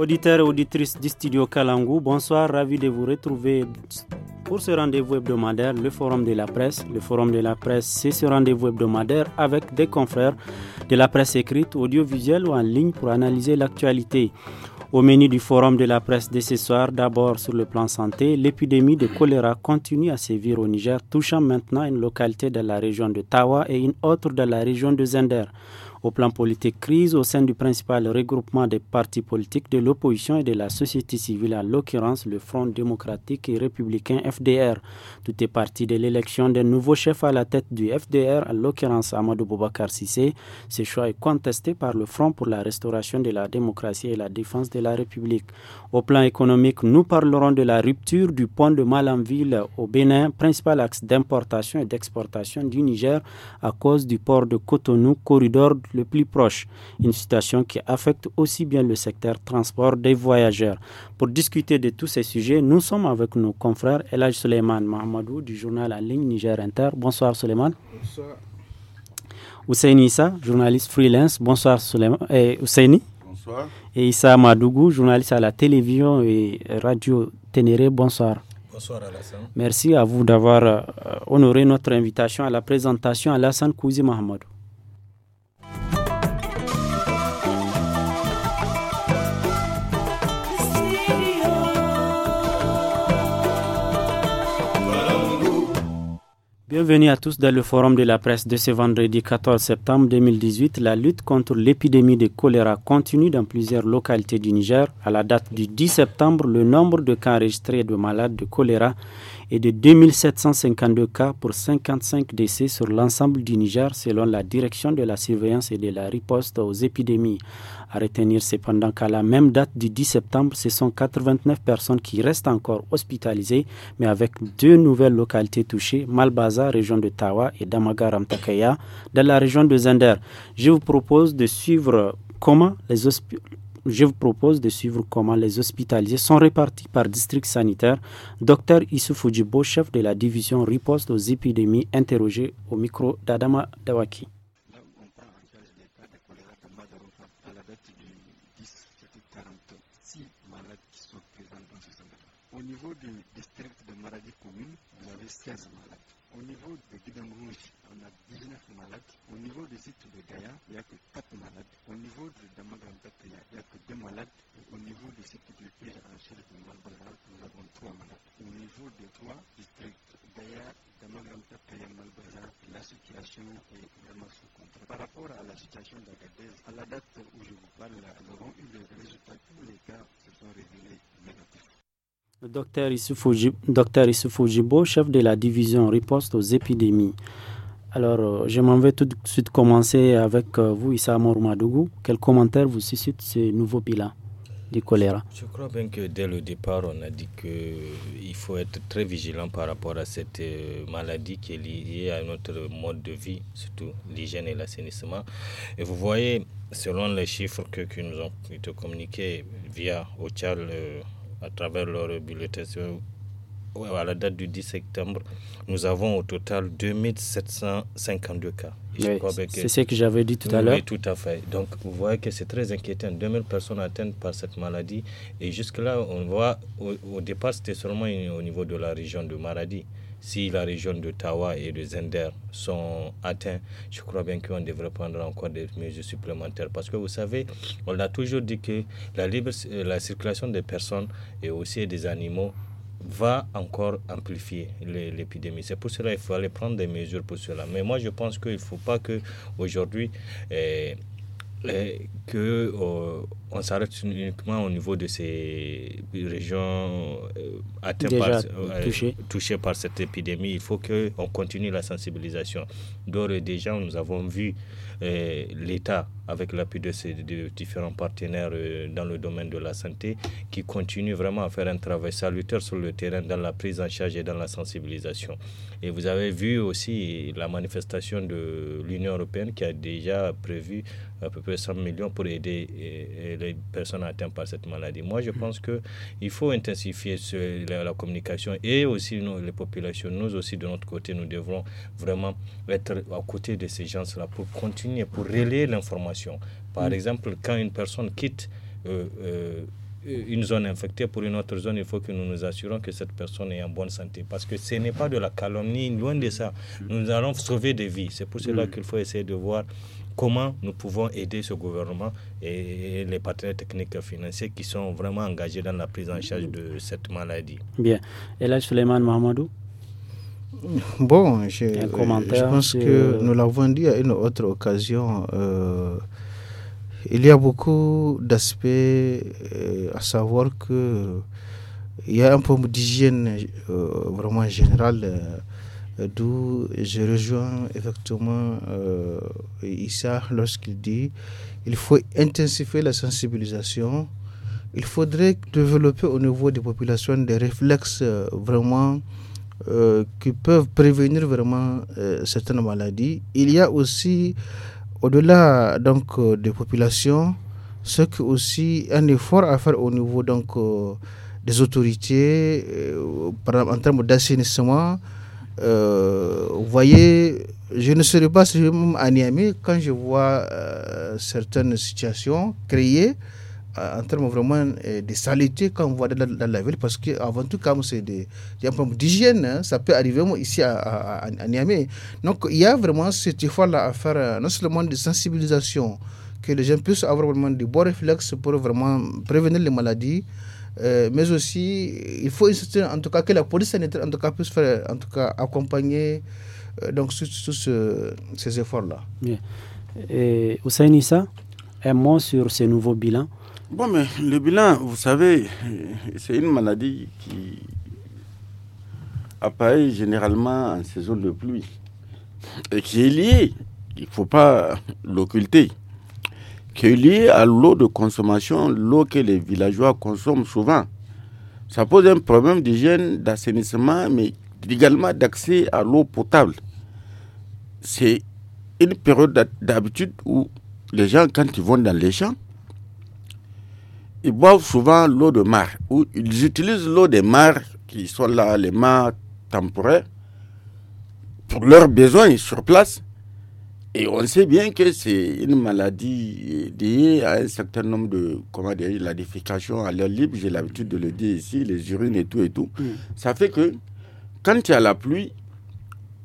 Auditeurs et auditrices du studio Kalangou, bonsoir, ravi de vous retrouver pour ce rendez-vous hebdomadaire, le Forum de la presse. Le Forum de la presse, c'est ce rendez-vous hebdomadaire avec des confrères de la presse écrite, audiovisuelle ou en ligne pour analyser l'actualité. Au menu du forum de la presse de ce soir, d'abord sur le plan santé, l'épidémie de choléra continue à sévir au Niger, touchant maintenant une localité de la région de Tawa et une autre de la région de Zender. Au plan politique, crise au sein du principal regroupement des partis politiques de l'opposition et de la société civile, en l'occurrence le Front démocratique et républicain FDR. Tout est parti de l'élection d'un nouveau chef à la tête du FDR, en l'occurrence Amadou Boubacar Sissé. Ce choix est contesté par le Front pour la restauration de la démocratie et la défense de la République. Au plan économique, nous parlerons de la rupture du pont de Malanville au Bénin, principal axe d'importation et d'exportation du Niger à cause du port de Cotonou, corridor le plus proche, une situation qui affecte aussi bien le secteur transport des voyageurs. Pour discuter de tous ces sujets, nous sommes avec nos confrères Elaj Suleiman Mahamadou du journal en ligne Niger Inter. Bonsoir Suleiman. Bonsoir. Issa, journaliste freelance. Bonsoir Suleiman. Eh, Ousseini. Bonsoir. Et Issa Madougou, journaliste à la télévision et radio Ténéré. Bonsoir. Bonsoir Alassane. Merci à vous d'avoir euh, honoré notre invitation à la présentation à Alassane Kouzi Mahamadou. Bienvenue à tous dans le forum de la presse de ce vendredi 14 septembre 2018. La lutte contre l'épidémie de choléra continue dans plusieurs localités du Niger. À la date du 10 septembre, le nombre de cas enregistrés de malades de choléra est de 2752 cas pour 55 décès sur l'ensemble du Niger selon la direction de la surveillance et de la riposte aux épidémies à retenir cependant qu'à la même date du 10 septembre, ce sont 89 personnes qui restent encore hospitalisées, mais avec deux nouvelles localités touchées, Malbaza, région de Tawa, et Damagaramtakaya, dans la région de Zender. Je vous propose de suivre comment les hospitalisés sont répartis par district sanitaire. Docteur Issouf Fujibo, chef de la division riposte aux épidémies, interrogé au micro d'Adama Dawaki. 16 malades. Au niveau de Guidam on a 19 malades. Au niveau des sites de Gaïa, il n'y a que 4 malades. Au niveau de Damagampet, il n'y a, que 2 malades. au niveau du sites de Pire, en Chine, nous avons 3 malades. Au niveau des 3 districts, Gaïa, Damagampet et la situation est vraiment sous contrôle. Par rapport à la situation d'Agadez, à la date où je vous parle, nous avons eu des résultats. Tous les cas se sont révélés négatifs. Le docteur Issoufou Djibo, chef de la division riposte aux épidémies. Alors, euh, je m'en vais tout de suite commencer avec euh, vous, Issa Madougou. Quel commentaire vous suscite ce nouveau bilan du choléra Je crois bien que dès le départ, on a dit qu'il euh, faut être très vigilant par rapport à cette maladie qui est liée à notre mode de vie, surtout l'hygiène et l'assainissement. Et vous voyez, selon les chiffres que, nous ont été communiqués via OCHAL, à travers leur habilitation à la date du 10 septembre, nous avons au total 2752 cas. c'est ce que j'avais dit tout à l'heure. Oui, tout à fait. Donc, vous voyez que c'est très inquiétant. 2000 personnes atteintes par cette maladie. Et jusque-là, on voit, au, départ, c'était seulement au niveau de la région de Maradi si la région d'Ottawa et de Zender sont atteints, je crois bien qu'on devrait prendre encore des mesures supplémentaires. Parce que vous savez, on a toujours dit que la, libre, euh, la circulation des personnes et aussi des animaux va encore amplifier l'épidémie. C'est pour cela qu'il faut aller prendre des mesures pour cela. Mais moi, je pense qu'il ne faut pas que aujourd'hui eh, qu'on que euh, on s'arrête uniquement au niveau de ces régions euh, par, touchées. par cette épidémie. Il faut qu'on continue la sensibilisation. D'ores et déjà, nous avons vu l'État, avec l'appui de ses différents partenaires euh, dans le domaine de la santé, qui continue vraiment à faire un travail salutaire sur le terrain dans la prise en charge et dans la sensibilisation. Et vous avez vu aussi la manifestation de l'Union européenne qui a déjà prévu à peu près 100 millions pour aider euh, euh, les personnes atteintes par cette maladie. Moi, je pense qu'il faut intensifier la, communication et aussi les populations, nous aussi de notre côté, nous devrons vraiment être à côté de ces gens-là pour continuer pour relayer l'information. Par mm. exemple, quand une personne quitte euh, euh, une zone infectée pour une autre zone, il faut que nous nous assurons que cette personne est en bonne santé. Parce que ce n'est pas de la calomnie, loin de ça. Mm. Nous allons sauver des vies. C'est pour cela mm. qu'il faut essayer de voir comment nous pouvons aider ce gouvernement et les partenaires techniques et financiers qui sont vraiment engagés dans la prise en charge de cette maladie. Bien. Et là, Suleiman Mahamadou Bon, je, je pense que euh, nous l'avons dit à une autre occasion. Euh, il y a beaucoup d'aspects euh, à savoir que il y a un problème d'hygiène vraiment général, d'où je rejoins effectivement Issa lorsqu'il dit il faut intensifier la sensibilisation. Il faudrait développer au niveau des populations des réflexes vraiment euh, qui peuvent prévenir vraiment euh, certaines maladies. Il y a aussi, au-delà donc euh, des populations, ce que aussi un effort à faire au niveau donc des autorités, en termes d'assainissement. vous voyez, je ne serai pas même à quand je vois certaines situations créées en termes vraiment eh, de saleté on voit dans, la ville, parce qu'avant tout, comme c'est des problèmes d'hygiène, hein, ça peut arriver moi, ici à, Niamey. Donc, il y a vraiment cet effort-là à faire, euh, non seulement de sensibilisation, que les gens puissent avoir vraiment des bons réflexes pour vraiment prévenir les maladies, euh, mais aussi, il faut insister en tout cas que la police sanitaire en tout cas, puisse faire, en tout cas, accompagner euh, donc, tous ce, ces efforts-là. Bien. Et, Issa, un mot sur ce nouveau bilan Bon, mais le bilan, vous savez, c'est une maladie qui apparaît généralement en saison de pluie et qui est liée, il ne faut pas l'occulter, qui est liée à l'eau de consommation, l'eau que les villageois consomment souvent. Ça pose un problème d'hygiène, d'assainissement, mais également d'accès à l'eau potable. C'est une période d'habitude où les gens, quand ils vont dans les champs, ils boivent souvent l'eau de mare, ils utilisent l'eau des mares qui sont là, les mares temporaires, pour leurs besoins sur place. Et on sait bien que c'est une maladie liée à un certain nombre de, comment dire, la à l'air libre, j'ai l'habitude de le dire ici, les urines et tout et tout. Mm. Ça fait que quand il y a la pluie,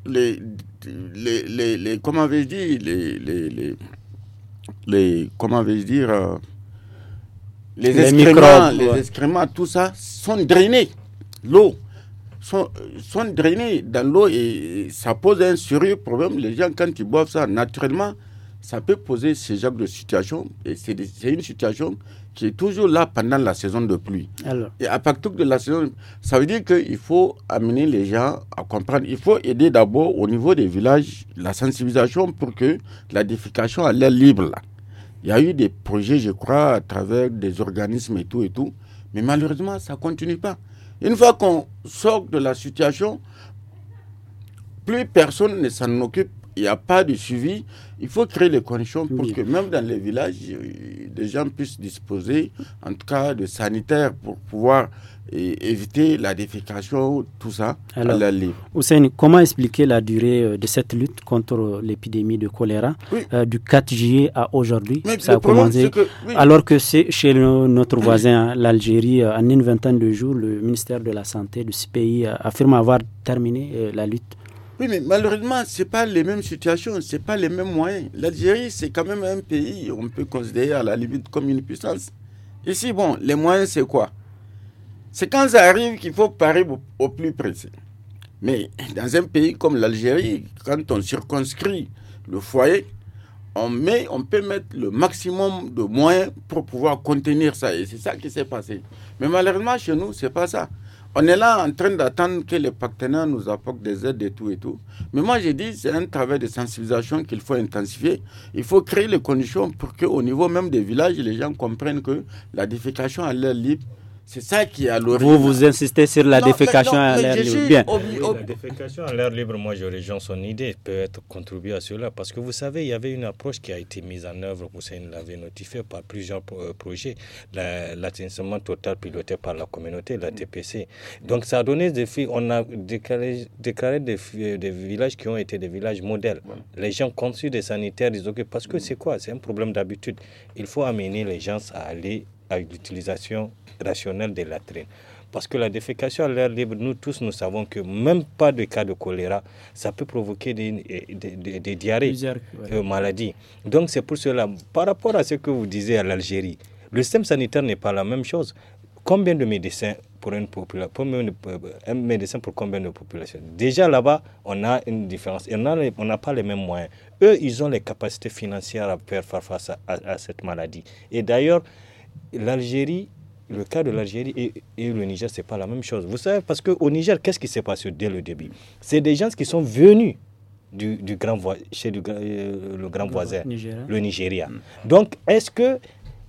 les, les, comment vais-je dire, les, les, les, comment vais-je dire, euh, les, excréments, les excréments, tout ça, sont drainés. L'eau. Sont, euh, sont, drainés dans l'eau et ça pose un sérieux problème. Les gens, quand ils boivent ça, naturellement, ça peut poser ce genre de situation. Et c'est une situation qui est toujours là pendant la saison de pluie. Alors. Et à partir de la saison, ça veut dire qu'il faut amener les gens à comprendre. Il faut aider d'abord au niveau des villages la sensibilisation pour que la défécation à l'air libre, il y a eu des projets, je crois, à travers des organismes et tout et tout. Mais malheureusement, ça ne continue pas. Une fois qu'on sort de la situation, plus personne ne s'en occupe il n'y a pas de suivi, il faut créer les conditions pour que même dans les villages, euh, des gens puissent disposer, en tout cas, de sanitaires pour pouvoir euh, éviter la défécation, tout ça, à la libre. Hussein, comment expliquer la durée euh, de cette lutte contre l'épidémie de choléra du 4 juillet à aujourd'hui Ça a commencé. Alors que c'est chez notre voisin, l'Algérie, en une vingtaine de jours, le ministère de la Santé de ce pays affirme avoir terminé la lutte oui, mais malheureusement, ce n'est pas les mêmes situations, ce n'est pas les mêmes moyens. L'Algérie, c'est quand même un pays, on peut considérer à la limite comme une puissance. Ici, bon, les moyens, c'est quoi C'est quand ça arrive qu'il faut parer au plus précis. Mais dans un pays comme l'Algérie, quand on circonscrit le foyer, on, met, on peut mettre le maximum de moyens pour pouvoir contenir ça. Et c'est ça qui s'est passé. Mais malheureusement, chez nous, ce n'est pas ça on est là en train d'attendre que les partenaires nous apportent des aides et tout et tout. Mais moi, j'ai dit, c'est un travail de sensibilisation qu'il faut intensifier. Il faut créer les conditions pour qu'au niveau même des villages, les gens comprennent que la défécation à l'air libre, c'est ça qui a Vous, vous insistez sur la défécation à l'air libre. Bien. la défécation à l'air libre, moi, je rejoins son idée, peut être contribué à cela. Parce que vous savez, il y avait une approche qui a été mise en œuvre, vous l'avait notifié, par plusieurs euh, projets. L'assainissement total piloté par la communauté, la TPC. Donc, ça a donné des filles. On a déclaré, euh, des, villages qui ont été des villages modèles. Les gens conçus des sanitaires, ils occupent. Parce que mm. c'est quoi C'est un problème d'habitude. Il faut amener les gens à aller à l'utilisation rationnelle des latrines. Parce que la défécation à l'air libre, nous tous, nous savons que même pas de cas de choléra, ça peut provoquer des, des, des, diarrhées, euh, maladies. Donc c'est pour cela, par rapport à ce que vous disiez à l'Algérie, le système sanitaire n'est pas la même chose. Combien de médecins pour une population, euh, pour combien de populations Déjà là-bas, on a une différence. on n'a pas les mêmes moyens. Eux, ils ont les capacités financières à faire face à cette maladie. Et d'ailleurs, l'Algérie, le cas de l'Algérie et, le Niger, ce n'est pas la même chose. Vous savez, parce qu'au Niger, qu'est-ce qui s'est passé dès le début C'est des gens qui sont venus du, du grand chez du, euh, le grand voisin, le Nigeria. Mm. Donc, est-ce que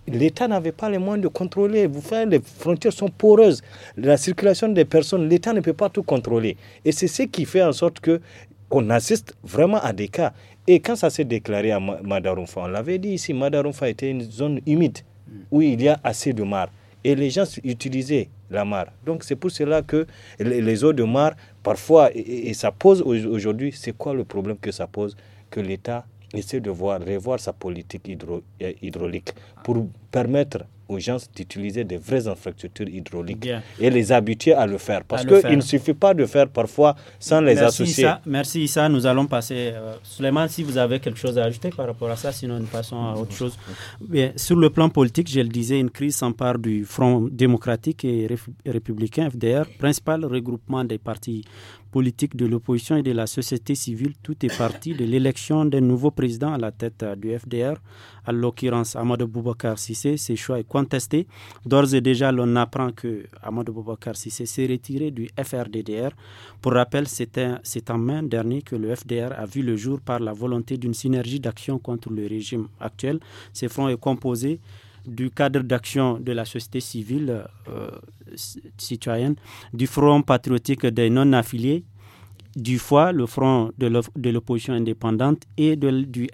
l'État n'avait pas les moyens de contrôler. Vous savez, les frontières sont poreuses. La circulation des personnes, l'État ne peut pas tout contrôler. Et c'est ce qui fait en sorte que on assiste vraiment à des cas. Et quand ça s'est déclaré à Madarumfa, on l'avait dit ici, Madarumfa était une zone humide où il y a assez de mares. Et les gens utilisaient la mare. Donc c'est pour cela que les eaux de mare, parfois, et, ça pose aujourd'hui, c'est quoi le problème que ça pose Que l'État essaie de voir, revoir sa politique euh, hydraulique pour permettre aux gens d'utiliser des vraies infrastructures hydrauliques et les habituer à le faire. Parce qu'il ne suffit pas de faire parfois sans les associer. Merci Issa, nous allons passer. Euh, si vous avez quelque chose à ajouter par rapport à ça, sinon nous passons à autre chose. Bien, sur le plan politique, je le disais, une crise s'empare du Front démocratique et républicain, FDR, principal regroupement des partis politique de l'opposition et de la société civile, tout est parti de l'élection d'un nouveau président à la tête euh, du FDR, à l'occurrence Amadou Boubacar Sissé. Ses choix est contesté. D'ores et déjà, l'on apprend que Amadou Boubacar Sissé s'est retiré du FRDDR. Pour rappel, c'est en mai dernier que le FDR a vu le jour par la volonté d'une synergie d'action contre le régime actuel. Ce front est composé du cadre d'action de la société civile euh, citoyenne, du Front patriotique des non-affiliés, du FOI, le Front de l'opposition indépendante, et du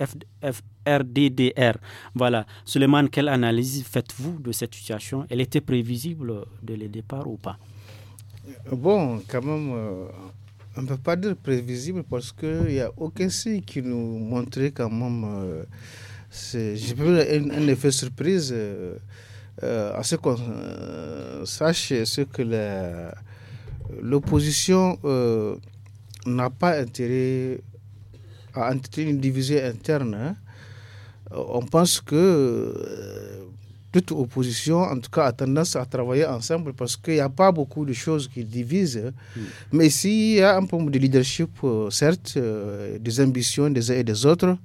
FRDDR. Voilà. Suleiman, quelle analyse faites-vous de cette situation Elle était prévisible dès le départ ou pas euh, Bon, quand même, euh, on ne peut pas dire prévisible parce qu'il n'y a aucun signe qui nous montrait quand même j'ai un, un, effet surprise à ce qu'on euh, sache ce que l'opposition euh, n'a pas intérêt à entretenir une division interne. Hein. Euh, on pense que toute opposition, en tout cas, a tendance à travailler ensemble parce qu'il n'y a pas beaucoup de choses qui divisent. Hein. Mm. Mais s'il y a un peu de leadership, certes, des ambitions des uns et des autres,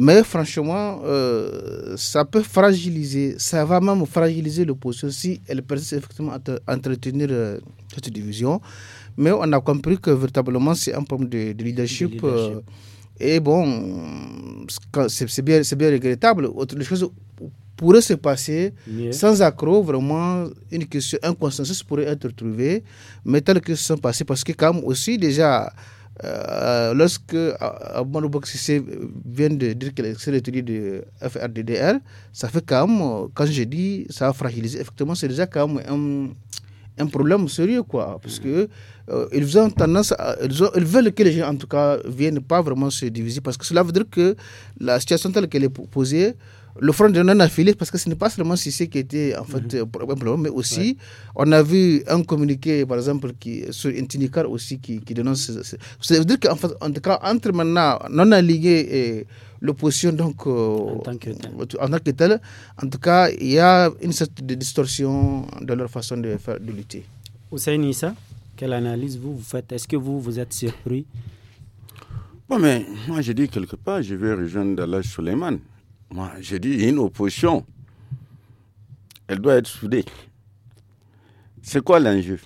mais franchement, euh, ça peut fragiliser, ça va même fragiliser le poste si elle persiste effectivement à entretenir euh, cette division. Mais on a compris que véritablement, c'est un problème de, euh, leadership. et bon, c'est bien, bien regrettable. Autre chose pourrait se passer sans accroc, vraiment, une question, un consensus pourrait être trouvé, mais tel que ça sont passé parce que comme aussi déjà euh, lorsque euh, mon Sissé vient de dire qu'elle s'est de FRDDR, ça fait quand même, quand je dis ça a fragilisé, effectivement, c'est déjà quand même un, un, problème sérieux, quoi. Parce que euh, ils ont tendance à, veulent que les gens, en tout cas, viennent pas vraiment se diviser. Parce que cela veut dire que la situation telle qu'elle est posée, le front de non-affiliés, parce que ce n'est pas seulement Sissé qui était en fait mhm. problème, mais aussi on a vu un communiqué, par exemple, qui, sur Intinicar aussi qui, qui dénonce. C'est-à-dire qu'en fait, en tout cas, entre maintenant non-alliés et l'opposition, donc, euh, en, tant que tel. en tout cas, il y a une sorte de distorsion dans leur façon de, faire, de lutter. Hussein Issa, quelle analyse vous, vous faites Est-ce que vous, vous êtes surpris Bon, mais moi, j'ai dit quelque part, je vais rejoindre Dalaj Suleiman. Moi, je dis, une opposition, elle doit être soudée. C'est quoi l'enjeu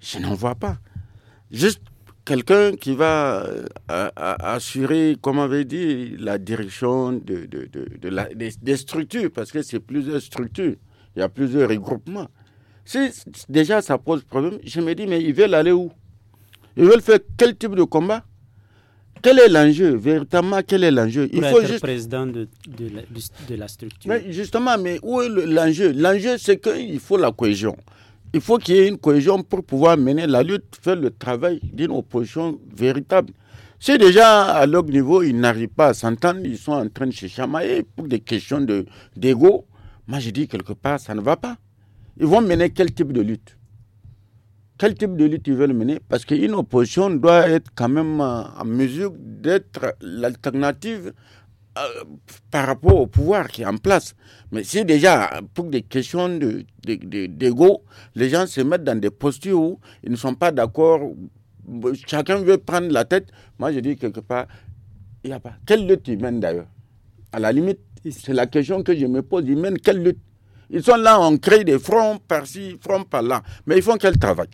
Je n'en vois pas. Juste quelqu'un qui va euh, assurer, comme on avait dit, la direction de, des, des, structures, parce que c'est plusieurs structures, il y a plusieurs regroupements. Si déjà ça pose problème, je me dis, mais ils veulent aller où Ils veulent faire quel type de combat quel est l'enjeu Véritablement, quel est l'enjeu Il faut être président de, de, la, structure. Mais justement, mais où est l'enjeu L'enjeu, c'est qu'il faut la cohésion. Il faut qu'il y ait une cohésion pour pouvoir mener la lutte, faire le travail d'une opposition véritable. Si déjà à leur niveau, ils n'arrivent pas à s'entendre, ils sont en train de se chamailler pour des questions d'ego, moi je dis quelque part, ça ne va pas. Ils vont mener quel type de lutte quel type de lutte ils veulent mener, parce qu'une opposition doit être quand même euh, en mesure d'être l'alternative euh, par rapport au pouvoir qui est en place. Mais si déjà, pour des questions d'ego, de, les gens se mettent dans des postures où ils ne sont pas d'accord, chacun veut prendre la tête, moi je dis quelque part, il n'y a pas. Quelle lutte ils mènent d'ailleurs À la limite, c'est la question que je me pose, ils mènent quelle lutte Ils sont là, on crée des fronts par-ci, fronts par-là, mais ils font quel travail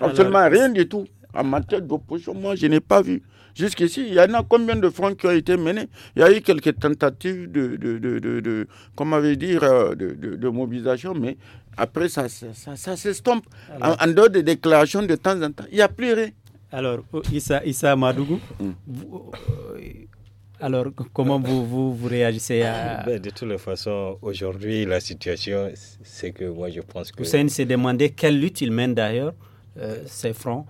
Absolument rien du tout. En matière d'opposition, moi, je n'ai pas vu. Jusqu'ici, il y en a combien de fronts qui ont été menés Il y a eu quelques tentatives de, de, de, de, dire, euh, de, mobilisation, mais après, ça, ça, ça, s'estompe. En, dehors des déclarations de temps en temps, il n'y a plus rien. Alors, oh, Issa, Issa Madougou, mm. euh, alors comment vous, vous, réagissez à... Ah, ben, de toutes les façons, aujourd'hui, la situation, c'est que moi, je pense que... Hussein s'est demandé quelle lutte il mène d'ailleurs ces euh, fronts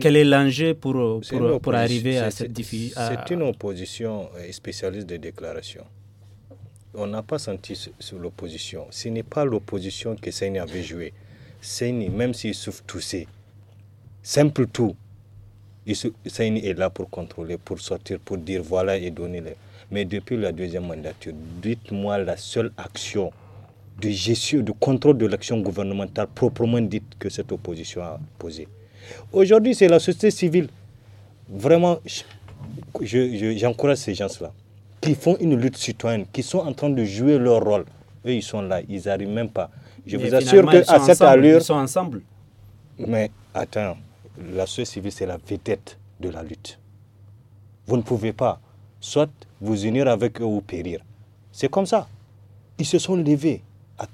quel est l'enjeu pour, euh, pour, euh, pour arriver à cette difficulté C'est une opposition spécialiste des déclarations. On n'a pas senti sur, l'opposition. Ce n'est pas l'opposition que Seyni avait joué. Seyni, même s'il souffre tous toussé, simple tout, Seyni est là pour contrôler, pour sortir, pour dire voilà et donner. Les... Mais depuis la deuxième mandature, dites-moi la seule action de gestion, de contrôle de l'action gouvernementale proprement dite que cette opposition a posée. Aujourd'hui, c'est la société civile. Vraiment, j'encourage ces gens-là qui font une lutte citoyenne, qui sont en train de jouer leur rôle. Eux, ils sont là, ils n'arrivent même pas. Je vous assure qu'à cette allure. Ils sont ensemble. Mais attends, la société civile, c'est la vedette de la lutte. Vous ne pouvez pas, soit vous unir avec eux ou périr. C'est comme ça. Ils se sont levés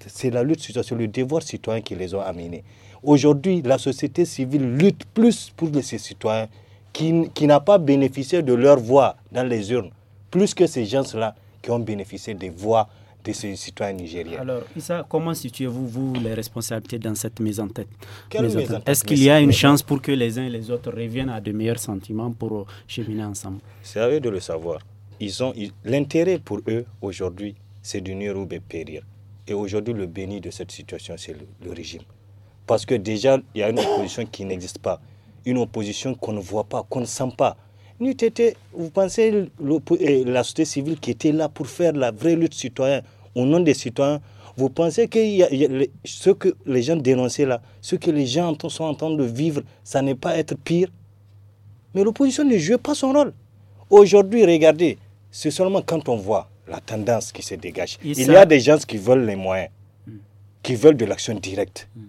c'est la lutte sur le devoir citoyen qui les a amenés. Aujourd'hui, la société civile lutte plus pour ces citoyens qui, qui n'ont pas bénéficié de leur voix dans les urnes, plus que ces gens-là qui ont bénéficié des voix de ces citoyens nigériens. Alors, Issa, comment situez-vous, vous, les responsabilités dans cette mise en tête, tête Est-ce qu'il y a une chance pour que les uns et les autres reviennent à de meilleurs sentiments pour euh, cheminer ensemble C'est à eux de le savoir. Ils ont l'intérêt pour eux aujourd'hui, c'est d'unir ou de périr. Et aujourd'hui, le béni de cette situation, c'est le, régime. Parce que déjà, il y a une opposition qui n'existe pas. Une opposition qu'on ne voit pas, qu'on ne sent pas. été, vous pensez la société civile qui était là pour faire la vraie lutte citoyenne au nom des citoyens, vous pensez que ce que les gens dénonçaient là, ce que les gens sont en train de vivre, ça n'est pas être pire Mais l'opposition ne joue pas son rôle. Aujourd'hui, regardez, c'est seulement quand on voit la tendance qui se dégage. Il y a des gens qui veulent les moyens, hmm. qui veulent de l'action directe. Hmm.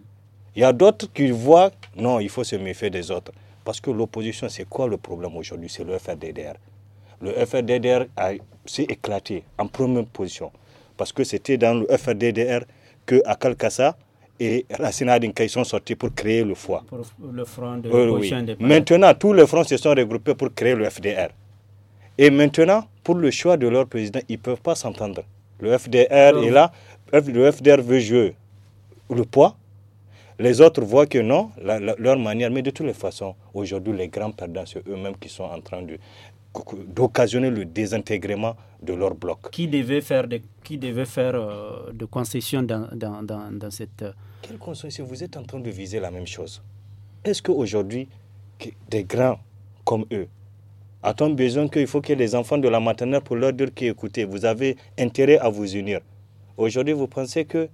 Il y a d'autres qui voient, non, il faut se méfier des autres. Parce que l'opposition, c'est quoi le problème aujourd'hui C'est le FRDDR. Le FRDDR s'est éclaté en première position. Parce que c'était dans le FRDDR que Kassa et Racine ils sont sortis pour créer le foie. le front de euh, Maintenant, tous les fronts se sont regroupés pour créer le FDR. Et maintenant, pour le choix de leur président, ils ne peuvent pas s'entendre. Le FDR est là, le FDR veut jouer le poids. Les autres voient que non, leur manière, mais de toutes les façons, aujourd'hui, les grands perdants, c'est eux-mêmes qui sont en train de, d'occasionner le désintégrément de leur bloc. Qui devait faire des, qui devait faire, euh, de concessions dans, cette... Euh, Quelle concession Vous êtes en train de viser la même chose. Est-ce qu'aujourd'hui, des grands comme eux, a-t-on besoin qu'il faut que les enfants de la maternelle, pour leur dire qu'écoutez, vous avez intérêt à vous unir Aujourd'hui, vous pensez que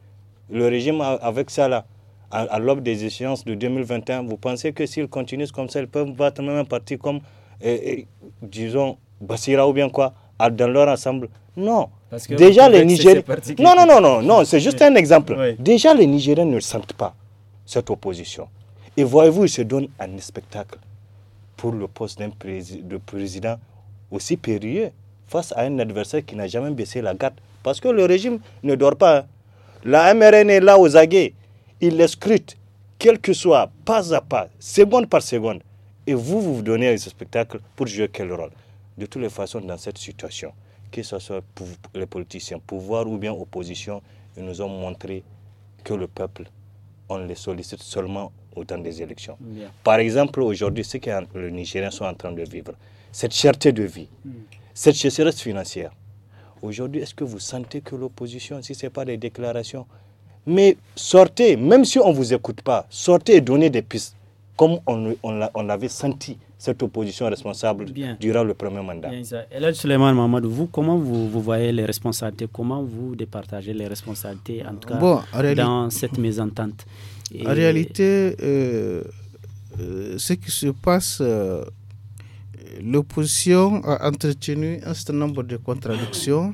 le régime, avec ça là, à, l'aube des échéances de 2021, vous pensez que s'ils continuent comme ça, ils peuvent battre même un parti comme, eh, eh, disons, Bassira ou bien quoi, dans leur ensemble Non. Parce que Déjà, les Nigériens. Non, non, non, non, non c'est juste un exemple. Déjà, les Nigériens ne sentent pas cette opposition. Et voyez-vous, ils se donnent un spectacle pour le poste d'un président aussi périlleux face à un adversaire qui n'a jamais baissé la garde. Parce que le régime ne dort pas. Hein. La MRN est là aux aguets. Il les scrute, quel que soit, pas à pas, seconde par seconde. Et vous, vous vous donnez à ce spectacle pour jouer quel rôle De toutes les façons, dans cette situation, que ce soit pour les politiciens, pouvoir ou bien opposition, ils nous ont montré que le peuple, on les sollicite seulement au temps des élections. Par exemple, aujourd'hui, ce que les Nigériens sont en train de vivre, cette cherté de vie, hmm. cette cherté financière. Aujourd'hui, est-ce que vous sentez que l'opposition, si ce n'est pas des déclarations, mais sortez, même si on ne vous écoute pas, sortez et donnez des pistes, comme on, on l'avait senti, cette opposition responsable durant le premier mandat. Bien, et là, Suleiman Mamadou, vous, comment vous, voyez les responsabilités Comment vous départagez les responsabilités, en tout cas, dans cette mésentente en réalité, euh, euh, ce qui se passe, euh, l'opposition a entretenu un certain nombre de contradictions,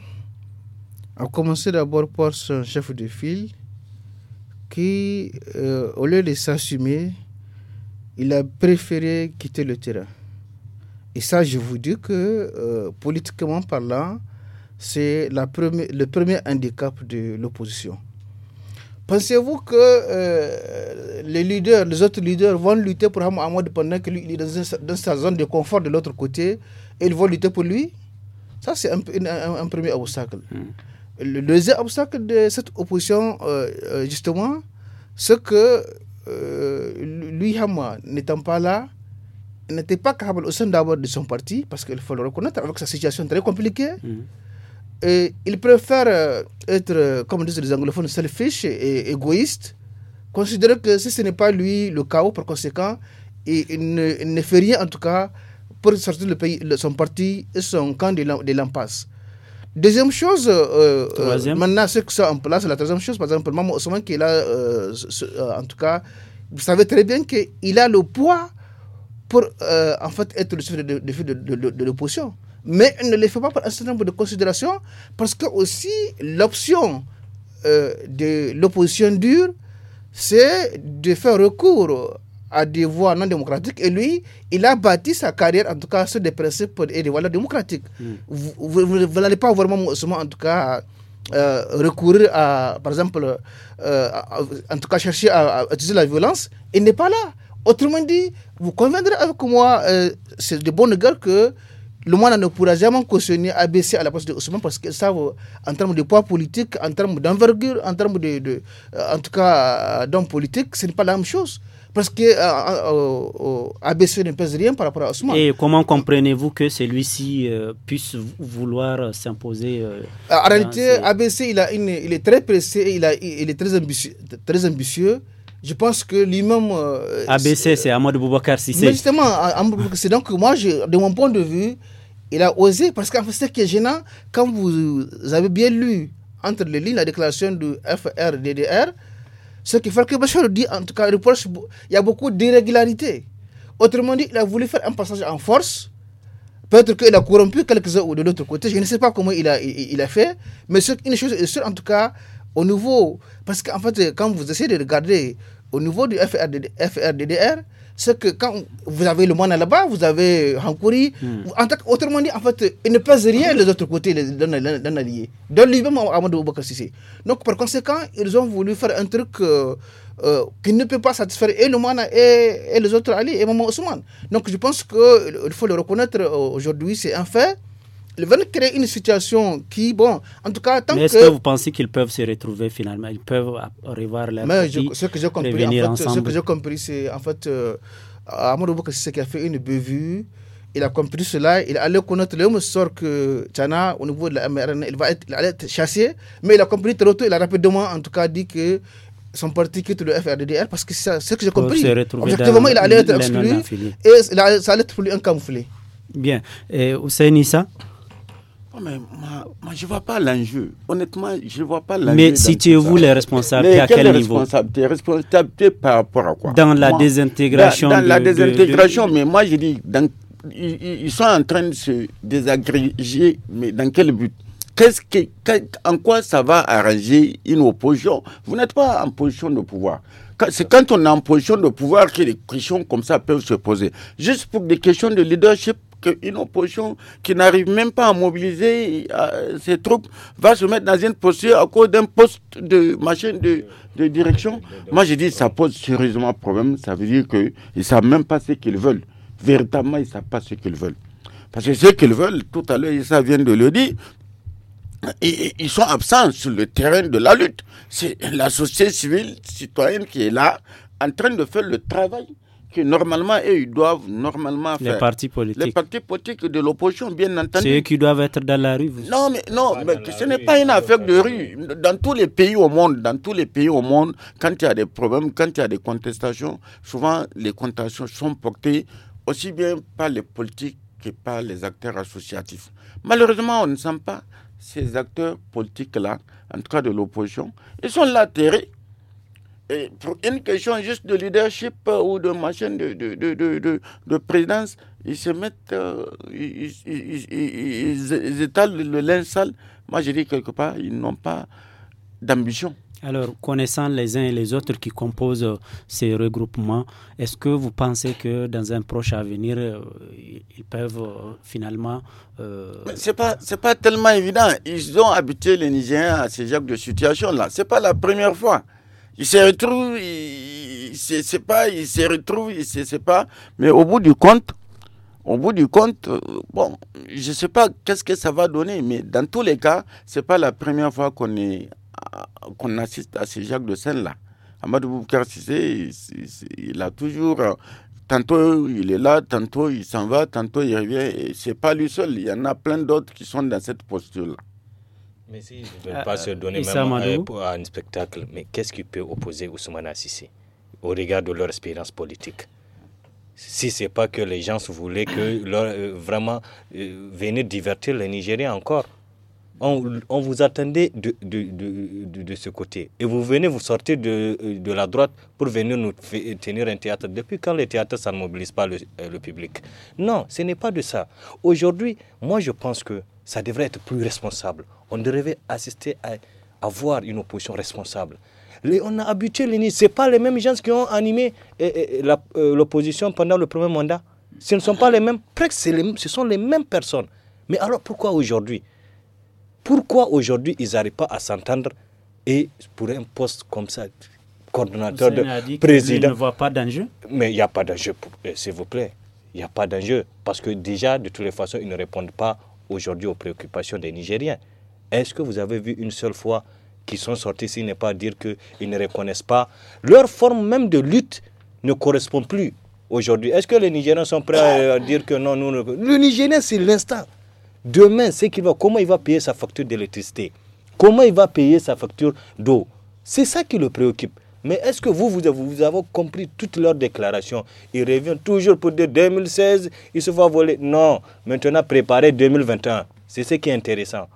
a commencé d'abord par son chef de file, qui, au lieu de s'assumer, il a préféré quitter le terrain. Et ça, je vous dis que, politiquement parlant, c'est le premier handicap de l'opposition Pensez-vous que euh, les leaders, les autres leaders vont lutter pour Hamad pendant que lui, est dans, sa zone de confort de l'autre côté et ils vont lutter pour lui Ça, c'est un, premier obstacle. Hmm. Le deuxième obstacle de cette opposition, euh, euh, justement, c'est que lui, Hamad, n'étant pas là, n'était pas capable au sein d'abord de son parti, parce qu'il faut le reconnaître, avec sa situation très compliquée. Hmm. Il préfère euh, être, euh, comme disent les anglophones, selfish et égoïste, considérer que si ce n'est pas lui le chaos, par conséquent, et il, ne, fait rien en tout cas pour sortir le pays, son parti et son camp de l'impasse. Deuxième chose, euh, maintenant, ce que ça en place, la troisième chose, par exemple, Maman Ousmane qui est là, en tout cas, vous savez très bien qu'il a le poids pour, en fait, être le chef de, de l'opposition mais ne les fait pas pour un certain nombre de considérations, parce que aussi l'option euh, de l'opposition dure, c'est de faire recours à des voies non démocratiques. Et lui, il a bâti sa carrière, en tout cas, sur des principes et des valeurs démocratiques. Mm. Vous, n'allez pas vraiment, seulement, en tout cas, euh, recourir à, par exemple, euh, en tout cas, chercher à, utiliser la violence. Il n'est pas là. Autrement dit, vous conviendrez avec moi, c'est de bonne gueule que le monde ne pourra jamais cautionner ABC à la place de Ousmane parce que ça, en termes de poids politique, en termes d'envergure, en termes de, euh, en tout cas, euh, d'homme politique, ce n'est pas la même chose. Parce que euh, ABC ne pèse rien par rapport à Ousmane. Et comment comprenez-vous que celui-ci puisse vouloir s'imposer En réalité, ABC, il, a il est très pressé, il, est très Très ambitieux je pense que lui-même. Euh, ABC, euh, c'est Amadou Boubacar Sissé. Mais justement, euh, c'est donc moi, de mon point de vue, il a osé, parce qu'en fait, ce qui est gênant, quand vous avez bien lu entre les lignes la déclaration du FRDDR, ce qui fait que Bachar dit, en tout cas, il y a beaucoup d'irrégularités. Autrement dit, il a voulu faire un passage en force. Peut-être qu'il a corrompu quelques-uns de l'autre côté. Je ne sais pas comment il a, il, il a fait. Mais une chose est sûre, en tout cas, au niveau, parce qu'en fait, quand vous essayez de regarder au niveau du FRDDR, c'est que quand vous avez le Mwana là-bas, vous avez Hankouri, hmm. autrement dit, en fait, il ne pèsent rien les autres côtés d'un allié, Amadou Donc, par conséquent, ils ont voulu faire un truc euh, euh, qui ne peut pas satisfaire et le Mwana et, et les autres alliés, et Maman Ousmane. Donc, je pense qu'il faut le reconnaître euh, aujourd'hui, c'est un fait. Ils veulent créer une situation qui, bon, en tout cas, tant mais est que. ce que vous pensez qu'ils peuvent se retrouver finalement Ils peuvent revoir leur Mais je, ce que j'ai compris, ce que j'ai compris, c'est en fait, euh, Amadou c'est qui a fait une bévue. Il a compris cela, il allait connaître le sort que Tchana, au niveau de la MRN, il, va allait être chassé, mais il a compris très tôt, il a rapidement en tout cas dit que son parti quitte le FRDDR parce que c'est ce que j'ai compris. Objectivement, il allait être exclu et ça allait être pour lui un camouflet. Bien. Et Hussein Issa mais je ne vois pas l'enjeu. Honnêtement, je ne vois pas l'enjeu. Mais situez-vous les responsables, à quel niveau responsabilité, responsabilité par rapport à quoi Dans la désintégration. Dans, la désintégration, mais moi je dis, ils, sont en train de se désagréger, mais dans quel but Qu'est-ce que, en quoi ça va arranger une opposition Vous n'êtes pas en position de pouvoir. C'est quand on est en position de pouvoir que des questions comme ça peuvent se poser. Juste pour des questions de leadership, qu'une opposition qui n'arrive même pas à mobiliser euh, ses troupes va se mettre dans une posture à cause d'un poste de machine de, direction. Moi, je dis, ça pose sérieusement problème. Ça veut dire qu'ils ne savent même pas ce qu'ils veulent. Véritablement, ils ne savent pas ce qu'ils veulent. Parce que ce qu'ils veulent, tout à l'heure, ça vient de le dire, ils sont absents sur le terrain de la lutte. C'est la société civile, citoyenne qui est là, en train de faire le travail que normalement, eux, ils doivent normalement faire. Les partis politiques. Les partis politiques de l'opposition, bien entendu. C'est eux qui doivent être dans la rue. Non, mais, non, mais ce n'est pas une affaire de rue. Dans tous les pays au monde, dans tous les pays au monde, quand il y a des problèmes, quand il y a des contestations, souvent les contestations sont portées aussi bien par les politiques que par les acteurs associatifs. Malheureusement, on ne sent pas ces acteurs politiques-là, en tout cas de l'opposition. Ils sont là pour une question juste de leadership euh, ou de machine de, de, de, de présidence, ils se mettent, euh, ils, étalent le linge sale. Moi, je dis quelque part, ils n'ont pas d'ambition. Alors, connaissant les uns et les autres qui composent euh, ces regroupements, est-ce que vous pensez que dans un proche avenir, ils peuvent finalement... Euh... Ce n'est pas, tellement évident. Ils ont habitué les Nigériens à ces genre de situation-là. Ce n'est pas la première fois il se retrouve, il, ne sait pas, il se retrouve, il se sait pas. Mais au bout du compte, au bout du compte, euh, bon, je sais pas qu'est-ce que ça va donner, mais dans tous les cas, c'est pas la première fois qu'on est, euh, qu'on assiste à ce Jacques de Seine-là. Amadou Boubkar il, a toujours, euh, tantôt il est là, tantôt il s'en va, tantôt il revient. C'est pas lui seul, il y en a plein d'autres qui sont dans cette posture-là. Mais ne veulent ah, pas se donner même un spectacle, mais qu'est-ce qui peut opposer Ousmane Assisi au regard de leur expérience politique si ce n'est pas que les gens voulaient que leur, euh, vraiment euh, venir divertir les Nigériens encore. On, vous attendait de, de, ce côté. Et vous venez vous sortez de, euh, la droite pour venir nous tenir un théâtre. Depuis quand les théâtres, ça ne mobilise pas le public Non, ce n'est pas de ça. Aujourd'hui, moi, je pense que ça devrait être plus responsable. On devrait assister à avoir une opposition responsable. on a habitué les nids. Ce pas les mêmes gens qui ont animé eh, eh, eh, euh, l'opposition pendant le premier mandat. Ce ne sont pas les mêmes. Presque ce sont les mêmes personnes. Mais alors pourquoi aujourd'hui Pourquoi aujourd'hui ils n'arrivent pas à s'entendre et pour un poste comme ça, coordonnateur de président. président. ne voit pas d'enjeu Mais il n'y a pas d'enjeu, s'il vous plaît. Il n'y a pas d'enjeu. Parce que déjà, de toutes les façons, ils ne répondent pas aujourd'hui aux préoccupations des Nigériens. Est-ce que vous avez vu une seule fois qu'ils sont sortis, ce n'est pas dire qu'ils ne reconnaissent pas Leur forme même de lutte ne correspond plus aujourd'hui. Est-ce que les Nigériens sont prêts à dire que non, nous ne... Le Nigérien, c'est l'instant. Demain, c'est qu'il va, comment il va payer sa facture d'électricité Comment il va payer sa facture d'eau C'est ça qui le préoccupe. Mais est-ce que vous, vous, avez compris toutes leurs déclarations Ils reviennent toujours pour dire 2016, ils se voient voler. Non, maintenant préparez 2021. C'est ce qui est intéressant.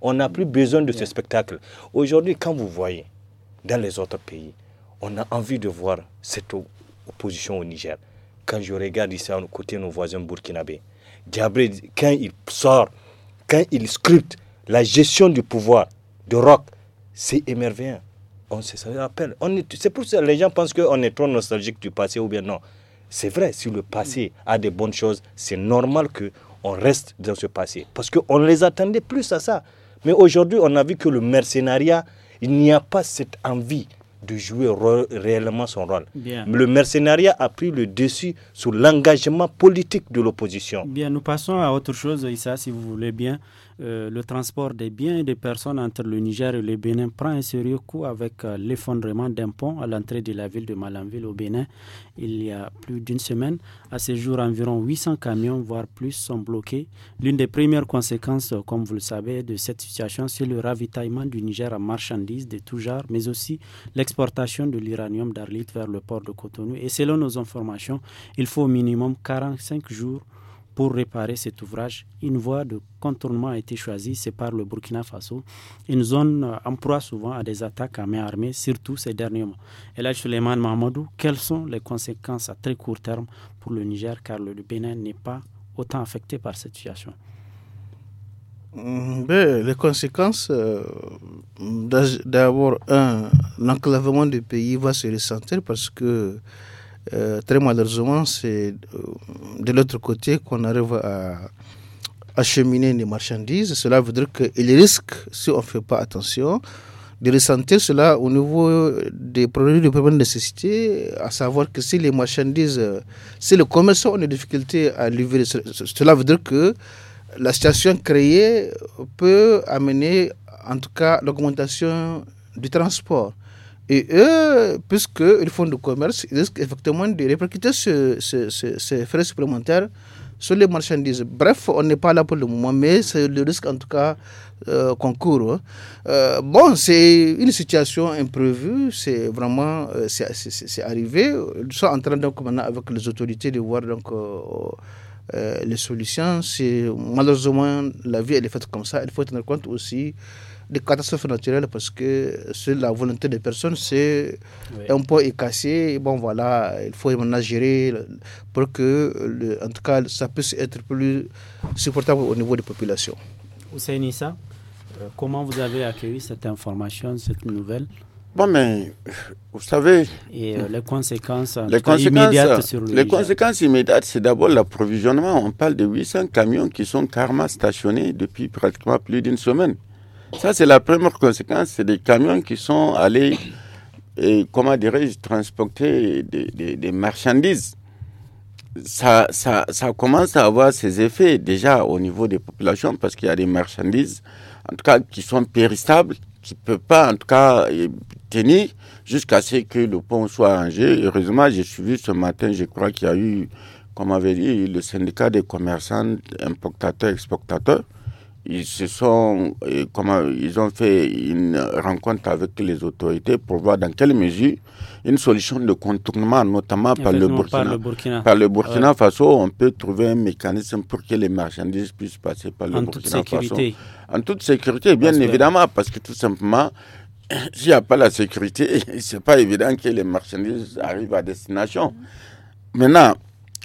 On n'a plus besoin de ce spectacle. Aujourd'hui, quand vous voyez dans les autres pays, on a envie de voir cette opposition au Niger. Quand je regarde ici à côté nos voisins burkinabés, Diabré, quand il sort, quand il scripte la gestion du pouvoir de Rock, c'est émerveillant on se rappelle. C'est pour ça que les gens pensent qu'on est trop nostalgique du passé ou bien non. C'est vrai, si le passé a des bonnes choses, c'est normal qu'on reste dans ce passé. Parce qu'on les attendait plus à ça. Mais aujourd'hui, on a vu que le mercenariat, il n'y a pas cette envie de jouer réellement son rôle. Le mercenariat a pris le dessus sur l'engagement politique de l'opposition. Bien, nous passons à autre chose, Issa, si vous voulez bien. Euh, le transport des biens et des personnes entre le Niger et le Bénin prend un sérieux coup avec euh, l'effondrement d'un pont à l'entrée de la ville de Malanville au Bénin il y a plus d'une semaine. À ce jour, environ 800 camions, voire plus, sont bloqués. L'une des premières conséquences, comme vous le savez, de cette situation, c'est le ravitaillement du Niger en marchandises de tout genre, mais aussi l'exportation de l'uranium d'Arlit vers le port de Cotonou. Et selon nos informations, il faut au minimum 45 jours pour réparer cet ouvrage, une voie de contournement a été choisie, c'est par le Burkina Faso, une zone euh, en proie souvent à des attaques armées, main surtout ces derniers mois. Et là, Suleiman Mahmoudou, quelles sont les conséquences à très court terme pour le Niger, car le Bénin n'est pas autant affecté par cette situation mm, ben, les conséquences, euh, d'abord, un, l'enclavement du pays va se ressentir parce que euh, très malheureusement, c'est euh, de l'autre côté qu'on arrive à acheminer les marchandises. Cela veut dire qu'il risque, si on ne fait pas attention, de ressentir cela au niveau des produits de première nécessité, à savoir que si les marchandises, euh, si le commerçant ont des difficultés à livrer, cela veut dire que la situation créée peut amener en tout cas l'augmentation du transport. Et eux, puisqu'ils font du commerce, ils risquent effectivement de répercuter ces frais supplémentaires sur les marchandises. Bref, on n'est pas là pour le moment, mais c'est le risque en tout cas euh, qu'on court. Hein. Euh, bon, c'est une situation imprévue, c'est vraiment euh, c'est arrivé. ils sommes en train donc maintenant avec les autorités de voir donc. les solutions, c'est malheureusement la vie elle est faite comme ça. Il faut tenir compte aussi des catastrophes naturelles parce que c'est la volonté des personnes, c'est un peu écassé. bon, voilà, il faut en pour que, en tout cas, ça puisse être plus supportable au niveau des populations. Nissa, euh, comment vous avez accueilli cette information, cette nouvelle Bon, mais vous savez. Euh, les conséquences, immédiates sur Les conséquences immédiates, c'est d'abord l'approvisionnement. On parle de 800 camions qui sont karma stationnés depuis pratiquement plus d'une semaine. Ça, c'est la première conséquence. C'est des camions qui sont allés, et, comment dirais-je, transporter des, des, marchandises. Ça, ça, commence à avoir ses effets déjà au niveau des populations parce qu'il y a des marchandises, en tout cas, qui sont périssables, qui ne peuvent pas, en tout cas, euh, tenir jusqu'à ce que le pont soit rangé. Heureusement, j'ai suivi ce matin, je crois qu'il y a eu, comme avait dit, le syndicat des commerçants, importateurs, exportateurs ils se sont, euh, comment, ils ont fait une rencontre avec les autorités pour voir dans quelle mesure une solution de contournement, notamment par le, Burkina, par le, Burkina. Faso, on peut trouver un mécanisme pour que les marchandises puissent passer par le en Burkina toute sécurité. En toute sécurité, bien évidemment, parce que tout simplement, s'il n'y a pas la sécurité, c'est pas évident que les marchandises arrivent à destination. Maintenant,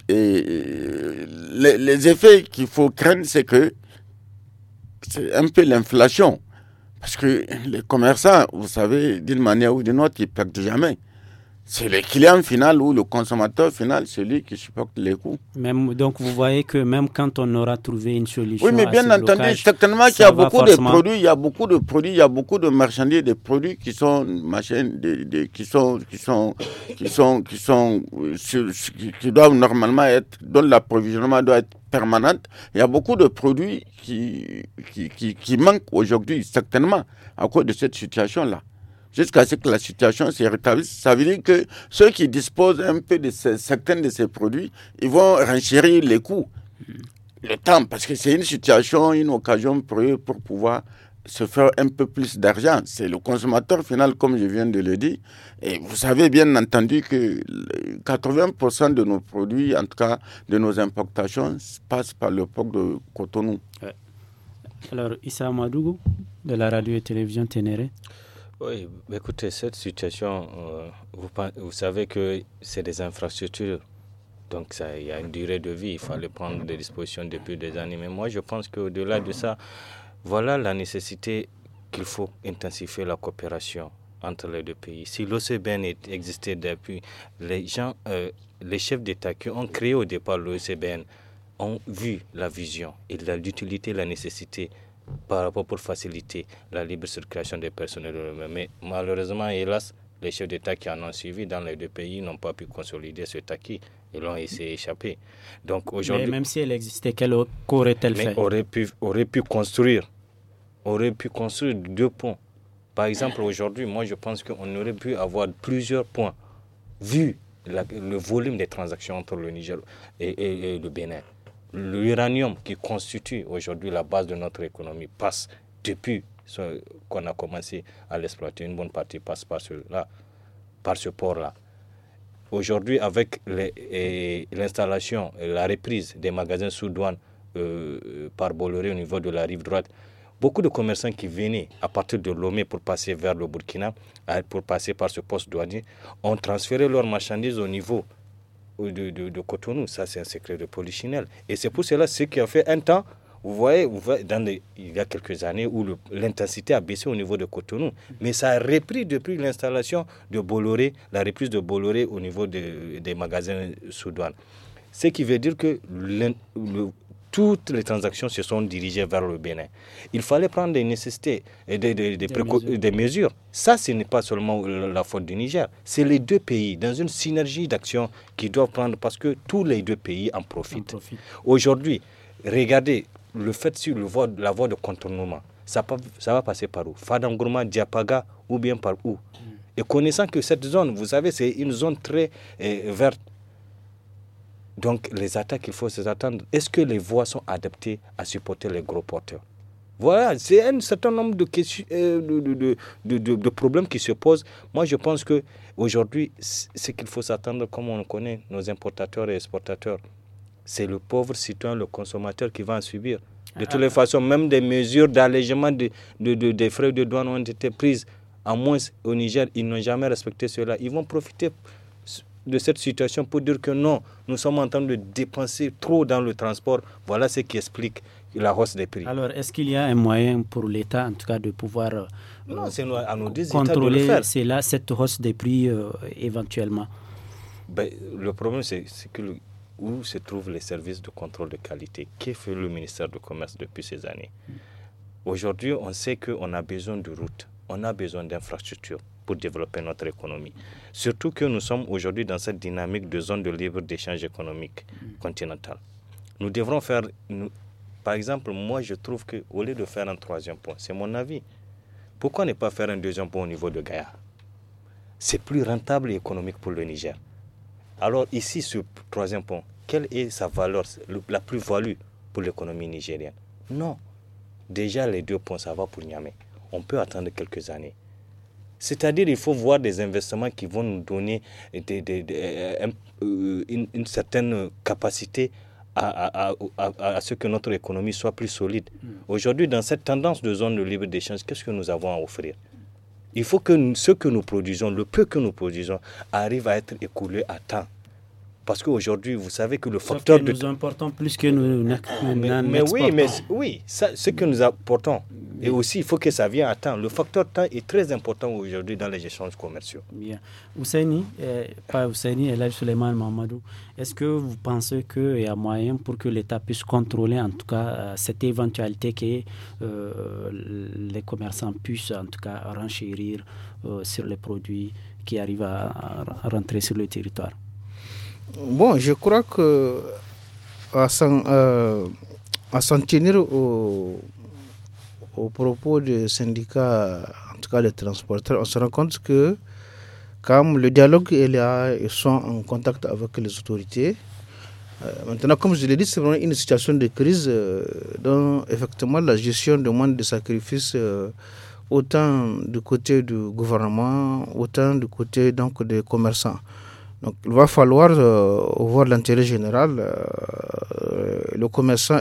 les effets qu'il faut craindre, c'est que c'est un peu l'inflation. Parce que les commerçants, vous savez, d'une manière ou d'une autre, ils ne perdent jamais. C'est le client final ou le consommateur final, celui qui supporte les coûts. Même, donc vous voyez que même quand on aura trouvé une solution. Oui, mais bien entendu, certainement qu'il y a beaucoup de produits, il y a beaucoup de produits, il y a beaucoup de marchandises, des produits qui sont machines, de, qui sont qui sont qui sont qui sont, euh, qui, qui, sont, qui doivent normalement être dont l'approvisionnement doit être permanente. Il y a beaucoup de produits qui, qui, qui, manquent aujourd'hui, certainement, à cause de cette situation-là. Jusqu'à ce que la situation se rétablisse, ça veut dire que ceux qui disposent un peu de certains de ces produits, ils vont renchérir les coûts, le temps, parce que c'est une situation, une occasion pour eux pour pouvoir se faire un peu plus d'argent. C'est le consommateur final, comme je viens de le dire. Et vous savez bien entendu que 80% de nos produits, en tout cas de nos importations, passent par le port de Cotonou. Alors, Issa Madougou, de la radio et télévision Ténéré. Oui, écoutez, cette situation, euh, vous, savez que c'est des infrastructures donc ça, il y a une durée de vie, il fallait prendre des dispositions depuis des années. Mais moi, je pense qu'au-delà de ça, voilà la nécessité qu'il faut intensifier la coopération entre les deux pays. Si l'OCBN existait depuis, les gens, euh, les chefs d'État qui ont créé au départ l'OCBN ont vu la vision et l'utilité, la nécessité par rapport pour faciliter la libre circulation des personnes. Mais malheureusement, hélas, les chefs d'État qui en ont suivi dans les deux pays n'ont pas pu consolider ce acquis. Ils l'ont essayé échapper. Donc aujourd'hui, même si elle existait, qu'elle qu'aurait-elle fait Aurait pu, aurait pu construire aurait pu construire deux ponts. Par exemple, aujourd'hui, moi, je pense qu'on aurait pu avoir plusieurs points, vu le volume des transactions entre le Niger et, le Bénin. L'uranium qui constitue aujourd'hui la base de notre économie passe depuis qu'on a commencé à l'exploiter. Une bonne partie passe par ce, là, par ce port-là. Aujourd'hui, avec l'installation et la reprise des magasins sous douane euh, par Bolloré au niveau de la rive droite, Beaucoup de commerçants qui venaient à partir de Lomé pour passer vers le Burkina, pour passer par ce poste douanier, ont transféré leurs marchandises au niveau de, Cotonou. Ça, c'est un secret de polichinelle. Et c'est pour cela ce qui a fait un temps. Vous voyez, il y a quelques années où l'intensité a baissé au niveau de Cotonou, mais ça a repris depuis l'installation de Bolloré, la reprise de Bolloré au niveau des magasins sous douane. Ce qui veut dire que toutes les transactions se sont dirigées vers le Bénin. Il fallait prendre des nécessités et des, mesures. Ça, ce n'est pas seulement la faute du Niger. C'est les deux pays, dans une synergie d'action, qui doivent prendre parce que tous les deux pays en profitent. Aujourd'hui, regardez le fait sur le la voie de contournement. Ça, va passer par où Fadangourma, Diapaga ou bien par où mm. Et connaissant que cette zone, vous savez, c'est une zone très eh, verte donc les attaques, il faut se attendre. Est-ce que les voies sont adaptées à supporter les gros porteurs voilà, c'est un certain nombre de, questions, euh, de, de, de, problèmes qui se posent. Moi, je pense que aujourd'hui, ce qu'il faut s'attendre, comme on connaît nos importateurs et exportateurs, c'est le pauvre citoyen, le consommateur qui va en subir. De toutes les façons, même des mesures d'allègement des frais de douane ont été prises. En moins au Niger, ils n'ont jamais respecté cela. Ils vont profiter de cette situation pour dire que non, nous sommes en train de dépenser trop dans le transport. Voilà ce qui explique la hausse des prix. Alors, est-ce qu'il y a un moyen pour l'État, en tout cas, de pouvoir euh, non, contrôler là, cette hausse des prix euh, éventuellement ben, Le problème, c'est que où se trouvent les services de contrôle de qualité Qu'est fait le ministère du Commerce depuis ces années Aujourd'hui, on sait qu'on a besoin de routes, on a besoin d'infrastructures pour développer notre économie. Surtout que nous sommes aujourd'hui dans cette dynamique de zone de libre d'échange économique continentale. Nous devrons faire, par exemple, moi je trouve qu'au lieu de faire un troisième point, c'est mon avis, pourquoi ne pas faire un deuxième pont au niveau de Gaïa C'est plus rentable et économique pour le Niger. Alors ici, ce troisième point, quelle est sa valeur, la plus-value pour l'économie nigérienne Non. Déjà, les deux points, ça va pour Niamey. On peut attendre quelques années. C'est-à-dire il faut voir des investissements qui vont nous donner euh, euh, une, certaine capacité à, ce que notre économie soit plus solide. Hmm. Aujourd'hui, dans cette tendance de zone de libre-échange, qu'est-ce que nous avons à offrir Il faut que ce que nous produisons, le peu que nous produisons, arrive à être écoulé à temps parce qu'aujourd'hui, vous savez que le facteur que de... Nous importons plus que nous Mais, oui, mais oui, ça, ce que nous apportons. Et aussi, il faut que ça vienne à temps. Le facteur temps est très important aujourd'hui dans les échanges commerciaux. Bien. Ousseini, eh, pas Ousseini, Suleiman Mamadou, est-ce que vous pensez qu'il y a moyen pour que l'État puisse contrôler en tout cas euh, cette éventualité que euh, les commerçants puissent en tout cas renchérir euh, sur les produits qui arrivent à rentrer sur le territoire Bon, je crois que à s'en euh, tenir aux, propos des syndicats, en tout cas les transporteurs, on se rend compte que comme le dialogue est là, ils sont en contact avec les autorités. Euh, maintenant, comme je l'ai dit, c'est vraiment une situation de crise euh, dont effectivement la gestion demande des sacrifices autant du côté du gouvernement, autant du côté donc des commerçants. Donc il va falloir euh, voir l'intérêt général. Euh, le commerçant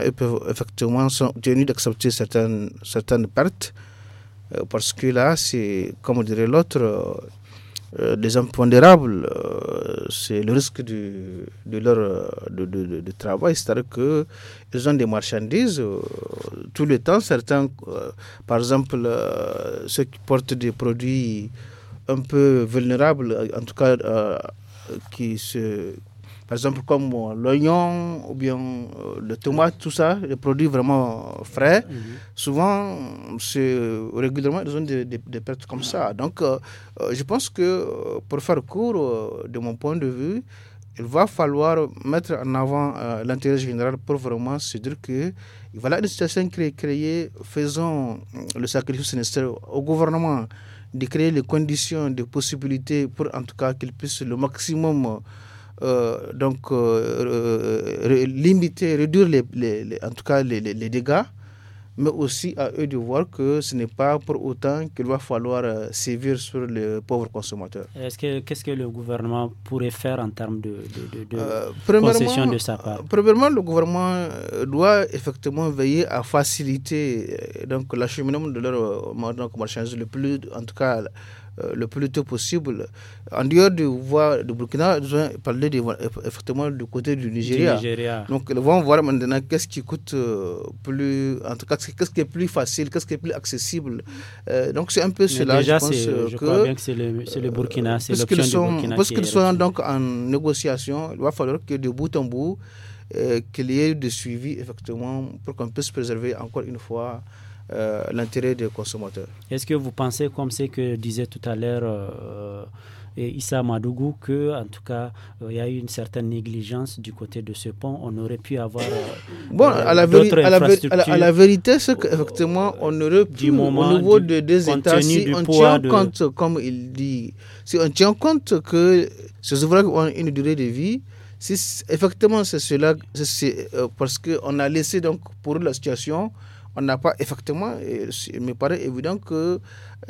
effectivement sont tenus d'accepter certaines, certaines pertes euh, parce que là, c'est, comme dirait l'autre, des impondérables. c'est le risque de leur travail. C'est-à-dire qu'ils ont des marchandises tout le temps. Certains, par exemple, ceux qui portent des produits un peu vulnérables, en tout cas qui se. Par exemple, comme euh, l'oignon ou bien euh, le tomate, tout ça, les produits vraiment frais, mhm. souvent, c'est euh, régulièrement, des, pertes comme ça. Donc, je pense que pour faire court, de mon point de vue, il va falloir mettre en avant l'intérêt général pour vraiment se dire que voilà une situation créée, créée faisons le sacrifice nécessaire au gouvernement de créer les conditions, les possibilités pour en tout cas qu'ils puissent le maximum euh, donc euh, limiter, réduire les, en tout cas les, dégâts mais aussi à eux de voir que ce n'est pas pour autant qu'il va falloir euh, sévir sur les pauvres consommateurs. Euh, est-ce que, qu'est-ce que le gouvernement pourrait faire en termes de, de, de, de euh, concession de sa part Premièrement, le gouvernement doit effectivement veiller à faciliter donc l'acheminement de leurs marchandises le plus, en tout cas euh, le plus tôt possible. En dehors du voie du Burkina, nous avons parlé effectivement euh, du côté du Nigeria. Donc, nous allons voir maintenant qu'est-ce qui coûte euh, plus, en tout cas, qu'est-ce qui est plus facile, qu'est-ce qui est plus accessible. donc, c'est un peu cela. je pense je que, crois bien que c'est le, Burkina, c'est l'option du Burkina. Parce qu'ils sont donc en négociation, il va falloir que de bout en bout, qu'il y ait de suivi, effectivement, pour qu'on puisse préserver encore une fois euh, l'intérêt des consommateurs. Est-ce que vous pensez, comme c'est que disait tout à l'heure euh, Issa Madougou, que en tout cas euh, il y a eu une certaine négligence du côté de ce pont, on aurait pu avoir bon à la, d'autres à, la à, la vérité, c'est qu'effectivement on aurait pu moment, au niveau de, États si on tient compte, comme il dit, si on tient compte que ces ouvrages ont une durée de vie. Si effectivement c'est cela, c'est, parce qu'on a laissé donc pour la situation on n'a pas effectivement, il me paraît évident que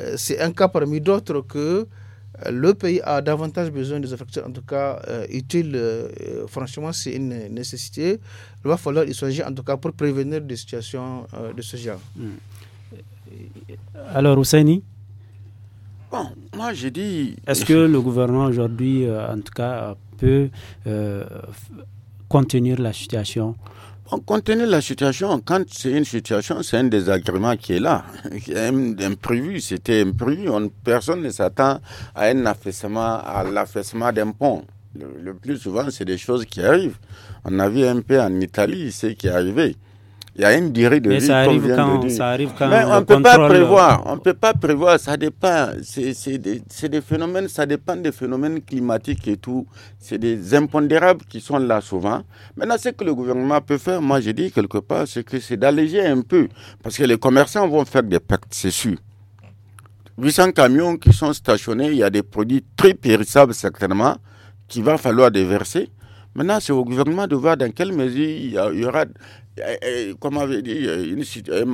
euh, c'est un cas parmi d'autres que euh, le pays a davantage besoin des infrastructures, en tout cas utiles. Euh, franchement, c'est une nécessité. Il va falloir y songer, en tout cas, pour prévenir des situations de ce genre. Hmm. Alors, Ousseini Bon, moi, j'ai dit. Est-ce que le gouvernement aujourd'hui, en tout cas, peut contenir la situation on compte la situation, quand c'est une situation, c'est un désagrément qui est là, qui est imprévu, c'était imprévu. On, personne ne s'attend à un affaissement, à l'affaissement d'un pont. Le, le, plus souvent, c'est des choses qui arrivent. On a vu un peu en Italie ce qui est arrivé. Il y a une durée de vie. ça arrive quand. Mais on ne peut pas prévoir. On peut pas prévoir. Ça dépend. C'est des, phénomènes. Ça dépend des phénomènes climatiques et tout. C'est des impondérables qui sont là souvent. Maintenant, ce que le gouvernement peut faire, moi, je dis quelque part, c'est que c'est d'alléger un peu, parce que les commerçants vont faire des pactes, c'est sûr. 800 camions qui sont stationnés, il y a des produits très périssables certainement qu'il va falloir déverser. Maintenant, c'est au gouvernement de voir dans quelle mesure il y, aura eh, eh, comme avait dit, euh,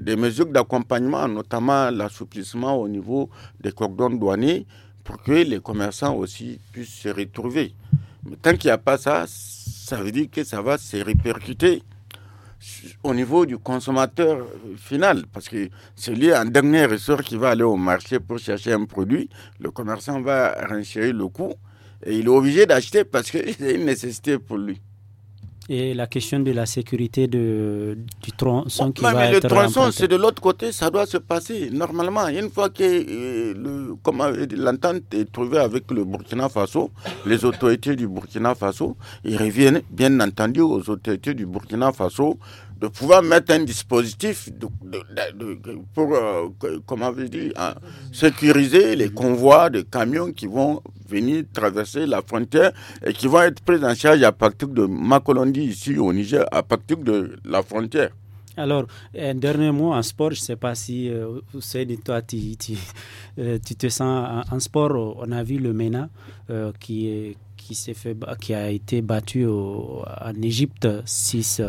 des mesures d'accompagnement, notamment l'assouplissement au niveau des cordons douaniers, pour que les commerçants aussi puissent se retrouver. Mais tant qu'il n'y a pas ça, ça veut dire que ça va se répercuter au niveau du consommateur final, parce que c'est lui en dernier ressort qui va aller au marché pour chercher un produit, le commerçant va renchérir le coût et il est obligé d'acheter parce que c'est une nécessité pour lui et la question de la sécurité de, du tronçon qui mais le tronçon, c'est de l'autre côté, ça doit se passer normalement. Une fois que euh, l'entente est trouvée avec le Burkina Faso, les autorités du Burkina Faso, ils reviennent bien entendu aux autorités du Burkina Faso de pouvoir mettre un dispositif pour, euh, comment hein, sécuriser les convois de camions qui vont venir traverser la frontière et qui vont être pris en charge à partir de Makolondi, ici au Niger, à partir de la frontière. Alors, un dernier mot en sport, je ne sais pas si euh, toi, euh, tu, te sens en, sport. On a vu le MENA euh, qui fait qui a été battu en Égypte 6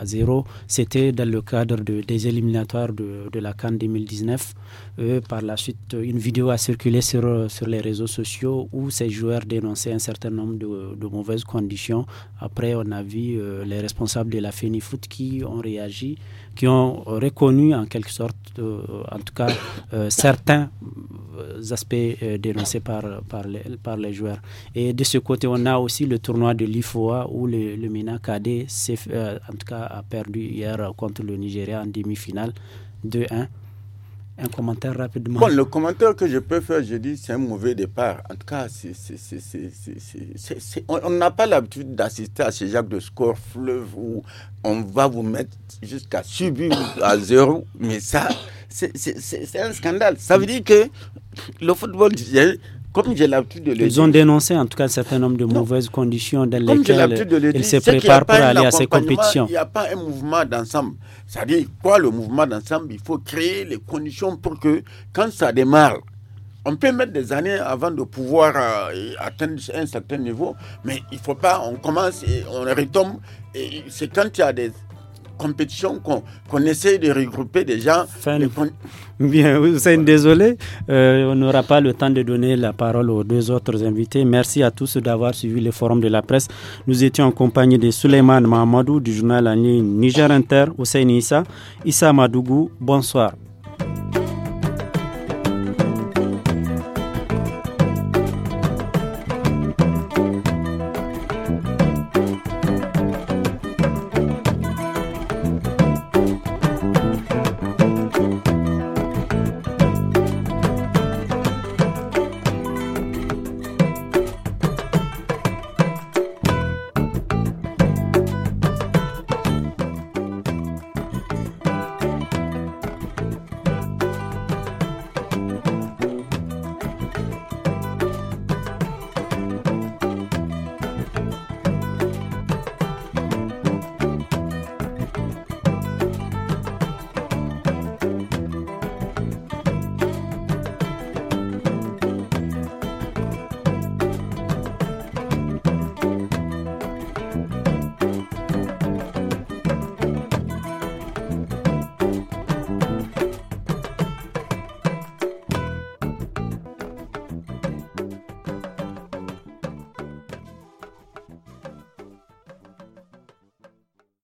à zéro. C'était dans le cadre des éliminatoires de, la Cannes 2019. Euh, par la suite, une vidéo a circulé sur, sur les réseaux sociaux où ces joueurs dénonçaient un certain nombre de, mauvaises conditions. Après, on a vu euh, les responsables de la FENIFOOT qui ont réagi qui ont reconnu en quelque sorte, euh, en tout cas, euh, certains euh, aspects dénoncés par, les, joueurs. Et de ce côté, on a aussi le tournoi de l'IFOA où le, le KD, en tout cas, a perdu hier contre le Nigeria en demi-finale 2-1 un commentaire rapidement. Bon, le commentaire que je peux faire, je dis, c'est un mauvais départ. En tout cas, on n'a pas l'habitude d'assister à ces Jacques de score fleuve où on va vous mettre jusqu'à subir à zéro. Mais ça, c'est, un scandale. Ça veut dire que le football, comme j'ai l'habitude de le Ils dire. ont dénoncé en tout cas un certain nombre de mauvaises conditions dans lesquelles ils se préparent pour aller à ces compétitions. Il n'y a pas un mouvement d'ensemble. C'est-à-dire, quoi le mouvement d'ensemble Il faut créer les conditions pour que, quand ça démarre, on peut mettre des années avant de pouvoir euh, atteindre un certain niveau, mais il ne faut pas, on commence et on retombe. Et c'est quand il y a des compétition qu'on qu essaye de regrouper des gens. Bien, désolé, euh, on n'aura pas le temps de donner la parole aux deux autres invités. Merci à tous d'avoir suivi le forum de la presse. Nous étions en compagnie de Suleiman Mahamadou du journal en ligne Niger Inter, Hussein Issa, Issa Madougou. Bonsoir.